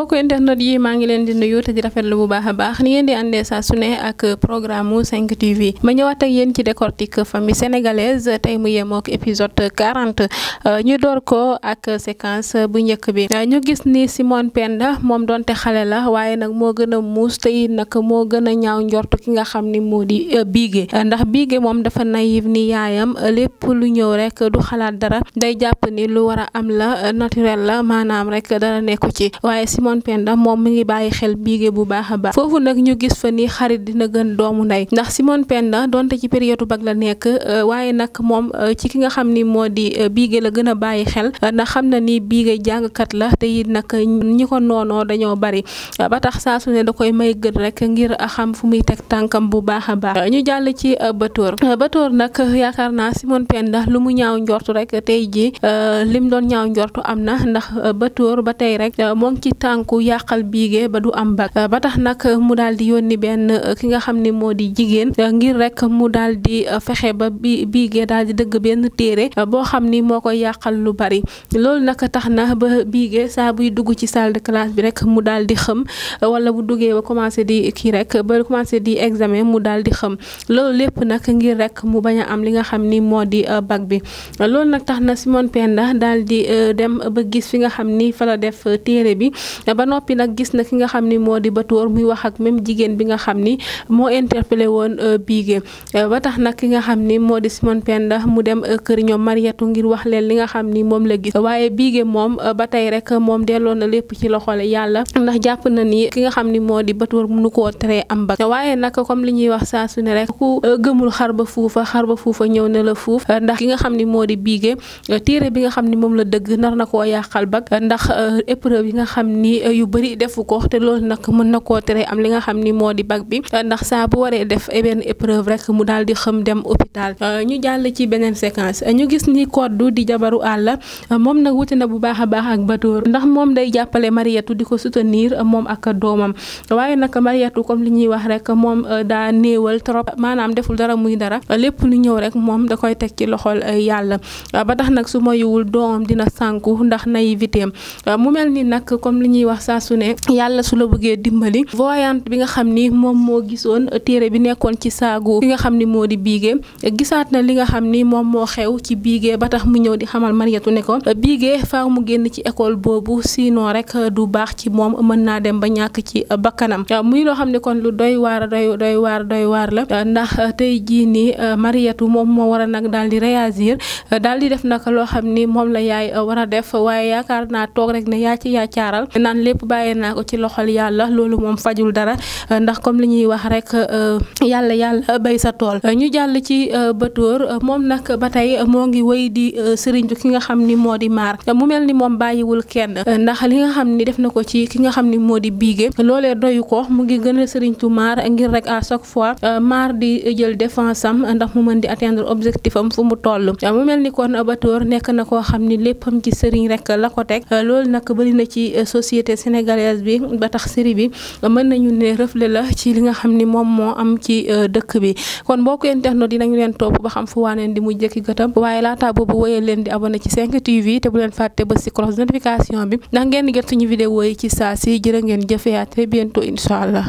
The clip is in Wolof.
mbokku internet yi maa ngi leen di nuyu te di rafetlu bu baax a baax ni ngeen di àndee saa su ne ak programme mu 5 TV ma ñëwaat ak yéen ci décortique famille sénégalaise tey mu yemook épisode 40 euh, ñu door ko ak séquence bu njëkk bi euh, gis ni Simone Penda moom donte xale la waaye nag moo gën a muus tey nag moo gën a ñaaw njort ki nga xam ni moo di euh, Bigué ndax biige moom dafa naïve ni yaayam lépp lu ñëw rek du xalaat dara day jàpp ni lu war a am la naturel la maanaam rek dara nekku ci waaye Simon Penda moom mi ngi bàyyi xel biige bu baax a baax foofu nag ñu gis fa ni xarit dina gën doomu ndey ndax Simon Penda donte ci période bag la nekk euh, waaye nag moom euh, ci ki nga xam ni moo di euh, biige la gën a bàyyi xel ndax xam na ni biige kat la te it nag ñi ko noonoo dañoo bari ba tax saa su ne da koy may gën rek ngir xam fu muy teg tànkam bu baax a baax ñu jàll ci Batoor Batoor nag yaakaar naa Simon Penda lu mu ñaaw njortu rek tey ji lim doon ñaaw njortu sànku yàqal biige ba du am bag ba tax nag mu daal di yónni benn ki nga xam ne moo di jigéen ngir rek mu daal di fexe ba bi biige daal di dëgg benn téere boo xam ni moo koy yàqal lu bari loolu nag tax na ba biige saa buy dugg ci sald de classe bi rek mu daal di xëm wala bu duggee ba commencé di kii rek ba commencé di examen mu daal di xëm loolu lépp nag ngir rek mu bañ am li nga xam ni moo di euh, bag bi loolu nag tax na Simone Penda daal di euh, dem ba gis fi nga xam ni fa la def euh, téere bi ba noppi nag gis na ki nga xam ni moo di Batoor muy wax ak même jigéen bi nga xam ni moo interpellé woon euh, biigee euh, ba tax nag ki nga xam ni moo di Simon Penda mu dem euh, kër ñoom Mariatu ngir wax leen li nga xam ni moom la gis waaye Bigué moom ba tey rek moom delloo na lépp ci loxole yàlla ndax jàpp na ni ki nga xam ni moo di Batoor mënu koo tere am waaye nag comme li ñuy wax saa su ne rek ku gëmul xar ba fuufa xar ba fuufa ñëw na la fuuf ndax ki nga xam ni moo di Bigué téere bi nga xam ni moom la dëgg nar na ko yàqal bag ndax épreuve yi nga xam ni yi eh, yu bëri defu ko te loolu nag mën na koo tere am li nga xam ni moo di bac bi eh, ndax saa bu waree def benn épreuve rek mu daal di xëm dem hôpital eh, ñu jàll ci beneen séquence ñu gis ni koddu di jabaru àll moom nag wute na bu baax a baax ak batoor ndax moom day jàppale Mariétou di ko soutenir moom ak doomam waaye nag Mariétou comme li ñuy wax rek moom daa néewal trop maanaam deful dara muy dara lépp lu ñëw rek moom da koy teg ci loxol yàlla ba tax nag ñuy wax saa su ne yàlla su la buggee dimbali voyante bi nga xam ni moom moo gisoon euh, téere bi nekkoon ci saagu bi nga xam ni moo di biige gisaat na li nga xam ni moom moo xew ci biigee ba tax mu ñëw di xamal Mariétu ne ko euh, biige faaw mu génn ci école boobu sinon rek euh, du baax ci moom mën naa dem ba ñàkk ci bakkanam muy loo xam ne kon lu doy waar doy doy waar doy waar la ndax tey jii ni Mariétu moom moo war a nag daal di réagir daal di def nag loo xam ni moom la naan lépp bàyyee naa ko ci loxol yàlla loolu moom fajul dara ndax comme li ñuy wax rek euh, yàlla yàlla bay sa tool ñu jàll ci euh, Batoor moom nag ba tey moo ngi wéy di euh, sëriñtu ki nga xam ni moo di maar mu mel ni moom bàyyiwul kenn ndax li nga xam ni def na ko ci ki nga xam ni moo di biige loolee doyu ko mu ngi gën a sëriñtu maar ngir rek à chaque fois maar di jël défense am ndax mu mën di atteindre objectif am fu mu toll mu mel ni kon Batoor nekk na koo xam ni société sénégalaise bi ba tax série bi mën nañu ne reflet la ci li nga xam ni moom moo am ci euh, dëkk bi kon mbokk internet dinañu leen topp ba xam fu waaneen di mu jëkki gëtam waaye laataa boobu woyee leen di abonné ci 5 TV te bu leen fàtte ba si cloche notification bi ndax ngeen di jot suñu vidéo yi ci saa si jërë ngeen jëfee à très bientôt incha allah